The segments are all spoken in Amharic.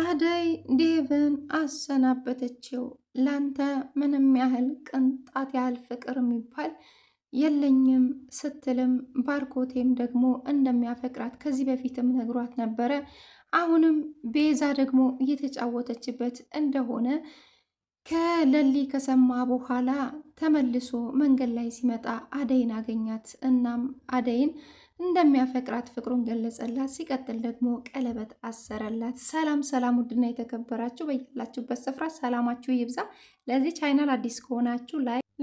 አደይ ዴቭን አሰናበተችው። ላንተ ምንም ያህል ቅንጣት ያህል ፍቅር የሚባል የለኝም ስትልም ባርኮቴም ደግሞ እንደሚያፈቅራት ከዚህ በፊትም ነግሯት ነበረ። አሁንም ቤዛ ደግሞ እየተጫወተችበት እንደሆነ ከለሊ ከሰማ በኋላ ተመልሶ መንገድ ላይ ሲመጣ አደይን አገኛት። እናም አደይን እንደሚያፈቅራት ፍቅሩን ገለጸላት። ሲቀጥል ደግሞ ቀለበት አሰረላት። ሰላም ሰላም! ውድና የተከበራችሁ በያላችሁበት ስፍራ ሰላማችሁ ይብዛ። ለዚህ ቻይናል አዲስ ከሆናችሁ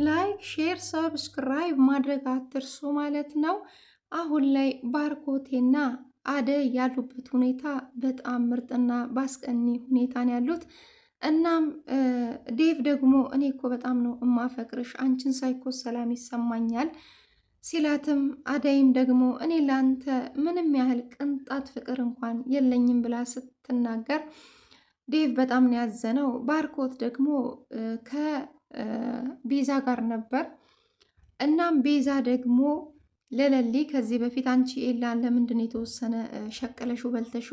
ላይክ፣ ሼር፣ ሰብስክራይብ ማድረግ አትርሱ ማለት ነው። አሁን ላይ ባርኮቴና አደይ ያሉበት ሁኔታ በጣም ምርጥና ባስቀኒ ሁኔታ ነው ያሉት። እናም ዴቭ ደግሞ እኔ እኮ በጣም ነው እማፈቅርሽ፣ አንቺን ሳይኮ ሰላም ይሰማኛል ሲላትም አደይም ደግሞ እኔ ለአንተ ምንም ያህል ቅንጣት ፍቅር እንኳን የለኝም ብላ ስትናገር ዴቭ በጣም ነው ያዘነው። ባርኮት ደግሞ ከቤዛ ጋር ነበር። እናም ቤዛ ደግሞ ለለሊ ከዚህ በፊት አንቺ ኤላን ለምንድን የተወሰነ ሸቀለሹ በልተሹ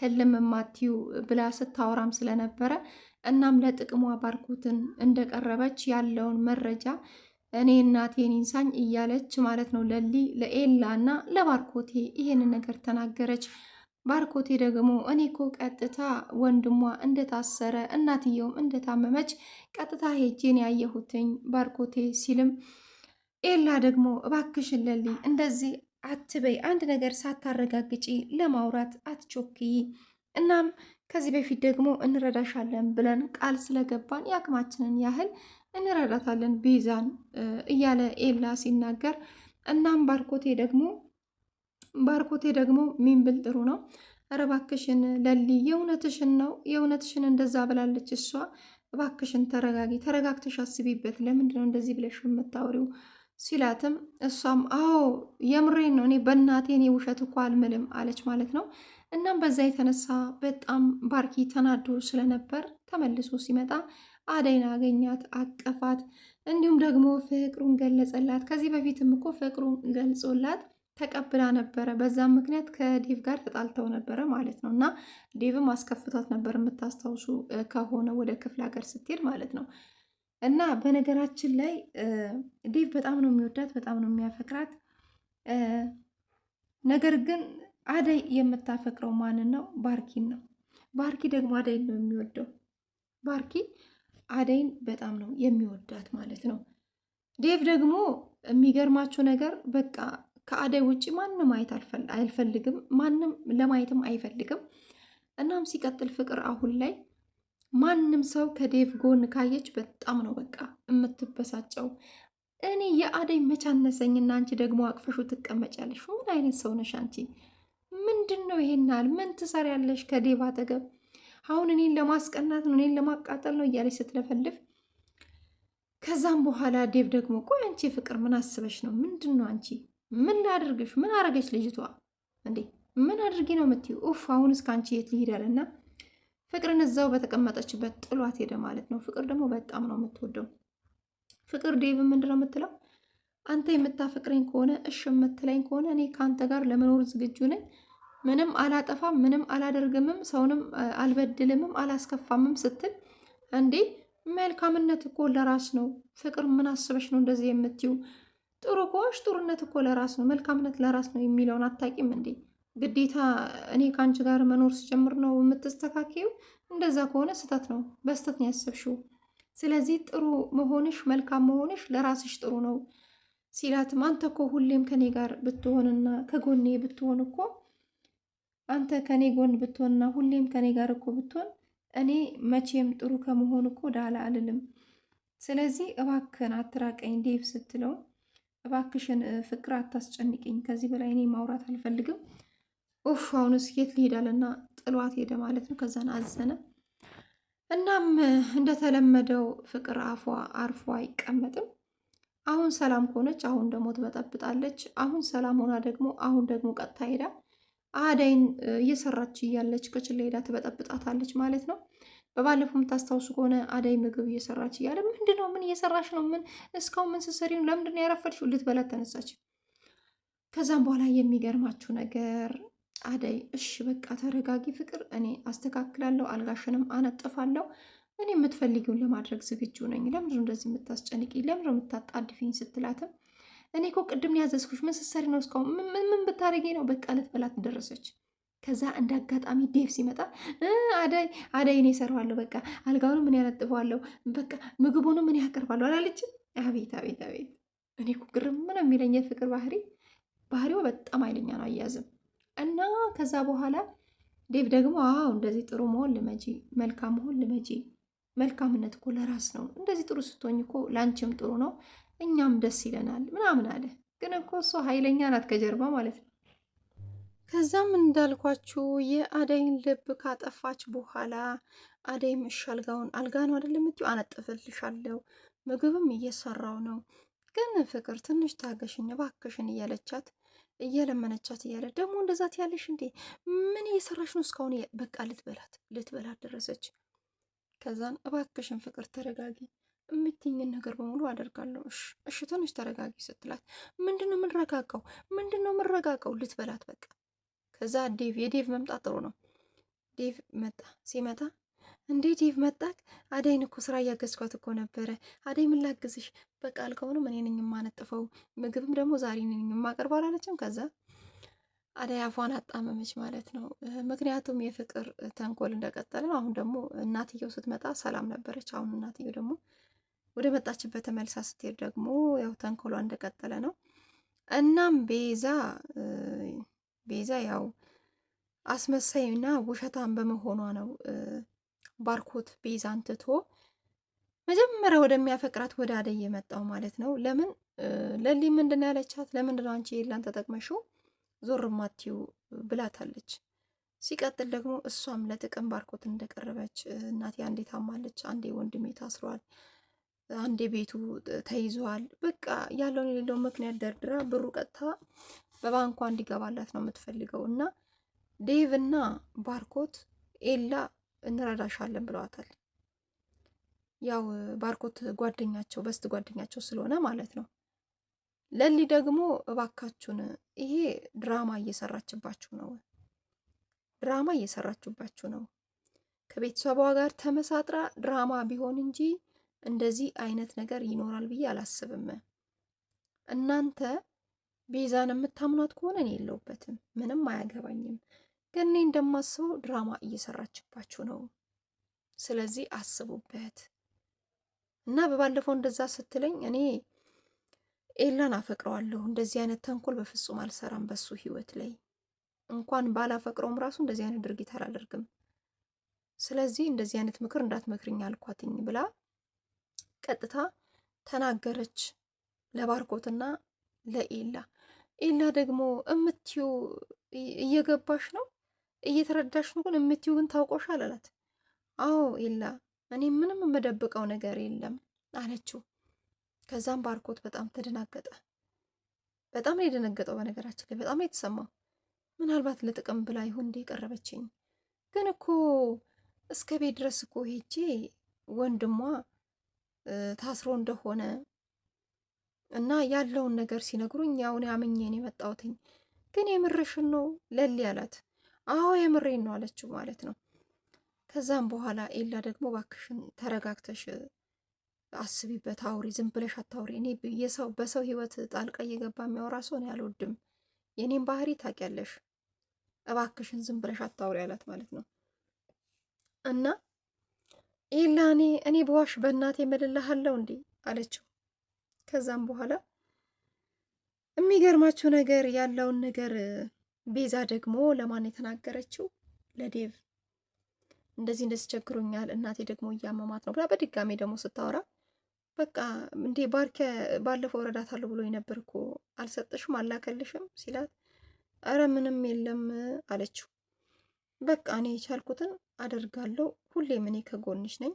ህልም ማትዩ ብላ ስታወራም ስለነበረ እናም ለጥቅሟ ባርኮትን እንደቀረበች ያለውን መረጃ እኔ እናቴን ይንሳኝ እያለች ማለት ነው ለሊ ለኤላ እና ለባርኮቴ ይሄንን ነገር ተናገረች። ባርኮቴ ደግሞ እኔ እኮ ቀጥታ ወንድሟ እንደታሰረ እናትየውም እንደታመመች ቀጥታ ሄጄን ያየሁትኝ ባርኮቴ ሲልም፣ ኤላ ደግሞ እባክሽን ለሊ እንደዚህ አትበይ፣ አንድ ነገር ሳታረጋግጪ ለማውራት አትቾክይ። እናም ከዚህ በፊት ደግሞ እንረዳሻለን ብለን ቃል ስለገባን የአቅማችንን ያህል እንረዳታለን ቤዛን እያለ ኤላ ሲናገር፣ እናም ባርኮቴ ደግሞ ባርኮቴ ደግሞ ሚን ብል ጥሩ ነው እባክሽን ለሊ የእውነትሽን ነው የእውነትሽን እንደዛ ብላለች እሷ እባክሽን ተረጋጊ ተረጋግተሽ አስቢበት ለምንድነው እንደዚህ ብለሽ የምታወሪው ሲላትም እሷም አዎ የምሬን ነው እኔ በእናቴ እኔ ውሸት እኮ አልምልም አለች ማለት ነው እናም በዛ የተነሳ በጣም ባርኪ ተናዶ ስለነበር ተመልሶ ሲመጣ አደይን አገኛት፣ አቀፋት፣ እንዲሁም ደግሞ ፍቅሩን ገለጸላት። ከዚህ በፊትም እኮ ፍቅሩን ገልጾላት ተቀብላ ነበረ። በዛም ምክንያት ከዴቭ ጋር ተጣልተው ነበረ ማለት ነው እና ዴቭም አስከፍቷት ነበር የምታስታውሱ ከሆነ ወደ ክፍለ ሀገር ስትሄድ ማለት ነው። እና በነገራችን ላይ ዴቭ በጣም ነው የሚወዳት፣ በጣም ነው የሚያፈቅራት። ነገር ግን አደይ የምታፈቅረው ማንን ነው? ባርኪን ነው። ባርኪ ደግሞ አደይን ነው የሚወደው ባርኪ አደይን በጣም ነው የሚወዳት ማለት ነው። ዴቭ ደግሞ የሚገርማችሁ ነገር በቃ ከአደይ ውጭ ማንም ማየት አይፈልግም፣ ማንም ለማየትም አይፈልግም። እናም ሲቀጥል ፍቅር አሁን ላይ ማንም ሰው ከዴቭ ጎን ካየች በጣም ነው በቃ የምትበሳጨው። እኔ የአደይ መቻነሰኝና አንቺ ደግሞ አቅፈሹ ትቀመጫለሽ? ምን አይነት ሰው ነሽ አንቺ? ምንድን ነው ይሄናል? ምን ትሰሪያለሽ ከዴቭ አጠገብ አሁን እኔን ለማስቀናት ነው እኔን ለማቃጠል ነው እያለች ስትለፈልፍ፣ ከዛም በኋላ ዴቭ ደግሞ ቆይ አንቺ ፍቅር ምን አስበሽ ነው? ምንድን ነው አንቺ ምን ላድርግሽ? ምን አረገች ልጅቷ እንዴ? ምን አድርጌ ነው የምትዩ? ኡፍ አሁን እስከ አንቺ የት ይሄዳል? እና ፍቅርን እዛው በተቀመጠችበት ጥሏት ሄደ ማለት ነው። ፍቅር ደግሞ በጣም ነው የምትወደው። ፍቅር ዴቭ ምንድን ነው የምትለው? አንተ የምታፈቅረኝ ከሆነ እሽ የምትለኝ ከሆነ እኔ ከአንተ ጋር ለመኖር ዝግጁ ነኝ ምንም አላጠፋም፣ ምንም አላደርግምም፣ ሰውንም አልበድልምም፣ አላስከፋምም ስትል እንዴ መልካምነት እኮ ለራስ ነው። ፍቅር ምን አስበሽ ነው እንደዚህ የምትዩ? ጥሩ ከሆንሽ ጥሩነት እኮ ለራስ ነው፣ መልካምነት ለራስ ነው የሚለውን አታቂም እንዴ? ግዴታ እኔ ከአንቺ ጋር መኖር ስጀምር ነው የምትስተካከዩ? እንደዛ ከሆነ ስህተት ነው፣ በስተት ነው ያሰብሽው። ስለዚህ ጥሩ መሆንሽ መልካም መሆንሽ ለራስሽ ጥሩ ነው ሲላትም አንተ እኮ ሁሌም ከኔ ጋር ብትሆንና ከጎኔ ብትሆን እኮ አንተ ከኔ ጎን ብትሆንና ሁሌም ከኔ ጋር እኮ ብትሆን እኔ መቼም ጥሩ ከመሆን እኮ ዳላ አልልም። ስለዚህ እባክን አትራቀኝ ዴቭ ስትለው እባክሽን ፍቅር አታስጨንቅኝ፣ ከዚህ በላይ እኔ ማውራት አልፈልግም። ኡፍ አሁንስ የት ሊሄዳልና ጥሏት ሄደ ማለት ነው። ከዛን አዘነ። እናም እንደተለመደው ፍቅር አፏ አርፎ አይቀመጥም። አሁን ሰላም ከሆነች አሁን ደግሞ ትበጠብጣለች። አሁን ሰላም ሆና ደግሞ አሁን ደግሞ ቀጥታ ሄዳ አዳይን እየሰራች እያለች ከችላ ሄዳ ትበጠብጣታለች ማለት ነው። በባለፈው የምታስታውሱ ከሆነ አዳይ ምግብ እየሰራች እያለ ምንድን ነው ምን እየሰራች ነው? ምን እስካሁን ምን ስትሰሪ ለምንድነው ያረፈድሽው? ልትበላት ተነሳች። ከዛም በኋላ የሚገርማችሁ ነገር አዳይ እሺ በቃ ተረጋጊ ፍቅር፣ እኔ አስተካክላለሁ፣ አልጋሽንም አነጥፋለሁ፣ እኔ የምትፈልጊውን ለማድረግ ዝግጁ ነኝ፣ ለምንድን እንደዚህ የምታስጨንቂ? ለምንድን የምታጣድፊኝ? ስትላትም እኔ እኮ ቅድም ያዘዝኩሽ ምን ስትሰሪ ነው? እስካሁን ምን ብታደርጊ ነው? በቃ በላት ደረሰች። ከዛ እንደ አጋጣሚ ዴቭ ሲመጣ አዳይ አዳይ እኔ እሰራዋለሁ፣ በቃ አልጋውን ምን ያነጥፈዋለሁ፣ በቃ ምግቡን ምን ያቀርባለሁ አላለችም? አቤት አቤት አቤት! እኔ እኮ ግርም ነው የሚለኝ የፍቅር ባህሪ ባህሪዋ በጣም አይለኛ ነው አያዝም። እና ከዛ በኋላ ዴቭ ደግሞ አዎ እንደዚህ ጥሩ መሆን ልመጂ፣ መልካም መሆን ልመጂ። መልካምነት እኮ ለራስ ነው። እንደዚህ ጥሩ ስትሆኝ እኮ ለአንቺም ጥሩ ነው እኛም ደስ ይለናል ምናምን አለ። ግን እኮ እሷ ኃይለኛ ናት ከጀርባ ማለት ነው። ከዛም እንዳልኳችሁ የአደይን ልብ ካጠፋች በኋላ አደይም እሺ አልጋውን አልጋ ነው አይደለም እትዩ አነጥፍልሻለሁ፣ ምግብም እየሰራው ነው፣ ግን ፍቅር ትንሽ ታገሽኝ ባክሽን እያለቻት እየለመነቻት እያለ ደግሞ እንደዛት ያለሽ እንዴ ምን እየሰራሽ ነው እስካሁን? በቃ ልትበላት ልትበላት ደረሰች። ከዛን እባክሽን ፍቅር ተረጋጊ የምትይኝን ነገር በሙሉ አደርጋለሁ። እሽ ትንሽ ተረጋጊ ስትላት ምንድን ነው የምንረጋጋው? ምንድን ነው የምንረጋጋው ልትበላት በቃ። ከዛ ዴቭ የዴቭ መምጣት ጥሩ ነው። ዴቭ መጣ። ሲመጣ እንዴ ዴቭ መጣክ? አደይን እኮ ስራ እያገዝኳት እኮ ነበረ። አደይ ምን ላግዝሽ? በቃ አልከውንም እኔ ነኝ የማነጥፈው፣ ምግብም ደግሞ ዛሬ ነኝ አላለችም። ከዛ አደይ አፏን አጣመመች ማለት ነው። ምክንያቱም የፍቅር ተንኮል እንደቀጠለ ነው። አሁን ደግሞ እናትየው ስትመጣ ሰላም ነበረች። አሁን እናትየው ደግሞ ወደ መጣችበት ተመልሳ ስትሄድ ደግሞ ያው ተንኮሏ እንደቀጠለ ነው። እናም ቤዛ ቤዛ ያው አስመሳይና ውሸታን በመሆኗ ነው ባርኮት ቤዛን ትቶ መጀመሪያ ወደሚያፈቅራት ወደ አደይ የመጣው ማለት ነው። ለምን ለሊ ምንድን ያለቻት? ለምንድን ነው አንቺ የላን ተጠቅመሽው ዞር ማትዩ ብላታለች። ሲቀጥል ደግሞ እሷም ለጥቅም ባርኮት እንደቀረበች እናቴ አንዴ ታማለች፣ አንዴ ወንድሜ ታስሯል አንዴ ቤቱ ተይዘዋል። በቃ ያለውን የሌለውን ምክንያት ደርድራ ብሩ ቀጥታ በባንኳ እንዲገባላት ነው የምትፈልገው። እና ዴቭ እና ባርኮት ኤላ እንረዳሻለን ብለዋታል። ያው ባርኮት ጓደኛቸው በስት ጓደኛቸው ስለሆነ ማለት ነው። ለሊ ደግሞ እባካችሁን ይሄ ድራማ እየሰራችባችሁ ነው፣ ድራማ እየሰራችሁባችሁ ነው። ከቤተሰቧ ጋር ተመሳጥራ ድራማ ቢሆን እንጂ እንደዚህ አይነት ነገር ይኖራል ብዬ አላስብም። እናንተ ቤዛን የምታምኗት ከሆነ እኔ የለውበትም ምንም አያገባኝም። ግን እኔ እንደማስበው ድራማ እየሰራችባችሁ ነው። ስለዚህ አስቡበት እና በባለፈው እንደዛ ስትለኝ እኔ ኤላን አፈቅረዋለሁ፣ እንደዚህ አይነት ተንኮል በፍጹም አልሰራም በሱ ህይወት ላይ እንኳን ባላፈቅረውም ራሱ እንደዚህ አይነት ድርጊት አላደርግም። ስለዚህ እንደዚህ አይነት ምክር እንዳትመክርኝ አልኳትኝ ብላ ቀጥታ ተናገረች ለባርኮትና ለኤላ። ኤላ ደግሞ እምትዩ እየገባሽ ነው እየተረዳሽ ነው፣ ግን እምትዩ ግን ታውቆሻል አላት። አዎ ኤላ እኔ ምንም የምደብቀው ነገር የለም አለችው። ከዛም ባርኮት በጣም ተደናገጠ። በጣም ነው የደነገጠው። በነገራችን ላይ በጣም የተሰማው ምናልባት ለጥቅም ብላ ይሁን እንዴ የቀረበችኝ? ግን እኮ እስከ ቤት ድረስ እኮ ሄጄ ወንድሟ ታስሮ እንደሆነ እና ያለውን ነገር ሲነግሩኝ ያውን ያምኜን የመጣሁትኝ ግን የምርሽን ነው ለሊ አላት። አዎ የምሬን ነው አለችው ማለት ነው። ከዛም በኋላ ኤላ ደግሞ ባክሽን ተረጋግተሽ አስቢበት አውሪ፣ ዝም ብለሽ አታውሪ። እኔ የሰው በሰው ህይወት ጣልቃ እየገባ የሚያወራ ሰው እኔ አልወድም። የእኔም ባህሪ ታውቂያለሽ። እባክሽን ዝም ብለሽ አታውሪ አላት ማለት ነው እና ኤላኔ እኔ በዋሽ በእናቴ እምልልሃለሁ እንዴ አለችው። ከዛም በኋላ የሚገርማችሁ ነገር ያለውን ነገር ቤዛ ደግሞ ለማን የተናገረችው? ለዴቭ እንደዚህ እንደዚህ ቸግሮኛል፣ እናቴ ደግሞ እያመማት ነው ብላ በድጋሚ ደግሞ ስታወራ በቃ እንዴ ባርከ ባለፈው እረዳታለሁ ብሎ የነበር እኮ አላከልሽም ሲላት፣ አረ ምንም የለም አለችው። በቃ እኔ የቻልኩትን አደርጋለሁ። ሁሌም እኔ ከጎንሽ ነኝ፣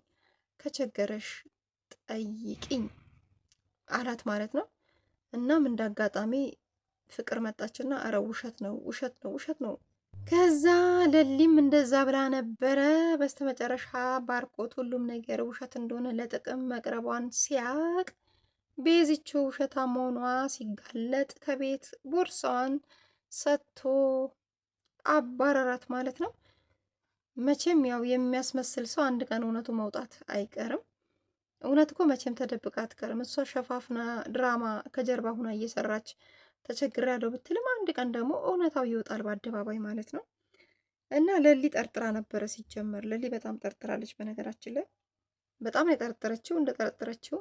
ከቸገረሽ ጠይቂኝ አላት ማለት ነው። እናም እንደ አጋጣሚ ፍቅር መጣችና አረ ውሸት ነው ውሸት ነው ውሸት ነው። ከዛ ለሊም እንደዛ ብላ ነበረ። በስተመጨረሻ ባርኮት ሁሉም ነገር ውሸት እንደሆነ ለጥቅም መቅረቧን ሲያቅ ቤዝቹ ውሸታ መሆኗ ሲጋለጥ ከቤት ቦርሳዋን ሰጥቶ አባረራት ማለት ነው። መቼም ያው የሚያስመስል ሰው አንድ ቀን እውነቱ መውጣት አይቀርም። እውነት እኮ መቼም ተደብቃ አትቀርም። እሷ ሸፋፍና ድራማ ከጀርባ ሁና እየሰራች ተቸግር ያለው ብትልም አንድ ቀን ደግሞ እውነታው ይወጣል በአደባባይ ማለት ነው። እና ለሊ ጠርጥራ ነበረ ሲጀመር። ለሊ በጣም ጠርጥራለች። በነገራችን ላይ በጣም ነው የጠረጠረችው። እንደጠረጠረችው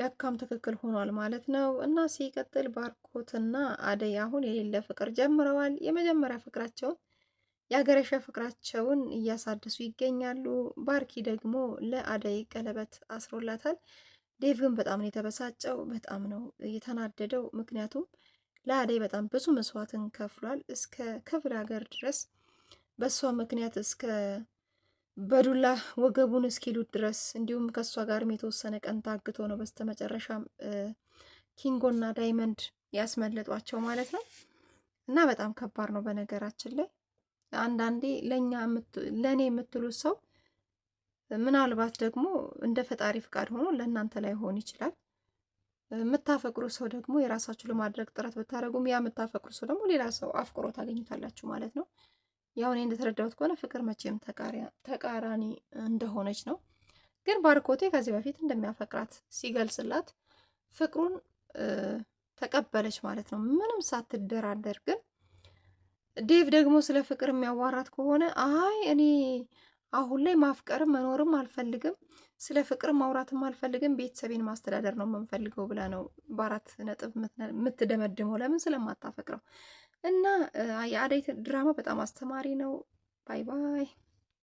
ለካም ትክክል ሆኗል ማለት ነው። እና ሲቀጥል ባርኮትና አደይ አሁን የሌለ ፍቅር ጀምረዋል። የመጀመሪያ ፍቅራቸውን የአገረሸ ፍቅራቸውን እያሳደሱ ይገኛሉ። ባርኪ ደግሞ ለአደይ ቀለበት አስሮላታል። ዴቭ ግን በጣም ነው የተበሳጨው፣ በጣም ነው የተናደደው። ምክንያቱም ለአደይ በጣም ብዙ መስዋዕትን ከፍሏል። እስከ ክፍለ ሀገር ድረስ በእሷ ምክንያት እስከ በዱላ ወገቡን እስኪሉት ድረስ እንዲሁም ከእሷ ጋርም የተወሰነ ቀን ታግቶ ነው በስተመጨረሻም ኪንጎና ዳይመንድ ያስመለጧቸው ማለት ነው። እና በጣም ከባድ ነው። በነገራችን ላይ አንዳንዴ ለእኛ ለእኔ የምትሉት ሰው ምናልባት ደግሞ እንደ ፈጣሪ ፍቃድ ሆኖ ለእናንተ ላይ ሆን ይችላል። የምታፈቅሩ ሰው ደግሞ የራሳችሁ ለማድረግ ጥረት ብታደረጉም ያ የምታፈቅሩ ሰው ደግሞ ሌላ ሰው አፍቅሮ ታገኝታላችሁ ማለት ነው። ያው እኔ እንደተረዳሁት ከሆነ ፍቅር መቼም ተቃራኒ እንደሆነች ነው። ግን ባርኮቴ ከዚህ በፊት እንደሚያፈቅራት ሲገልጽላት ፍቅሩን ተቀበለች ማለት ነው፣ ምንም ሳትደራደር። ግን ዴቭ ደግሞ ስለ ፍቅር የሚያዋራት ከሆነ አይ እኔ አሁን ላይ ማፍቀርም መኖርም አልፈልግም፣ ስለ ፍቅር ማውራትም አልፈልግም፣ ቤተሰቤን ማስተዳደር ነው የምንፈልገው ብላ ነው በአራት ነጥብ የምትደመድመው። ለምን ስለማታፈቅረው። እና የአደይ ድራማ በጣም አስተማሪ ነው። ባይ ባይ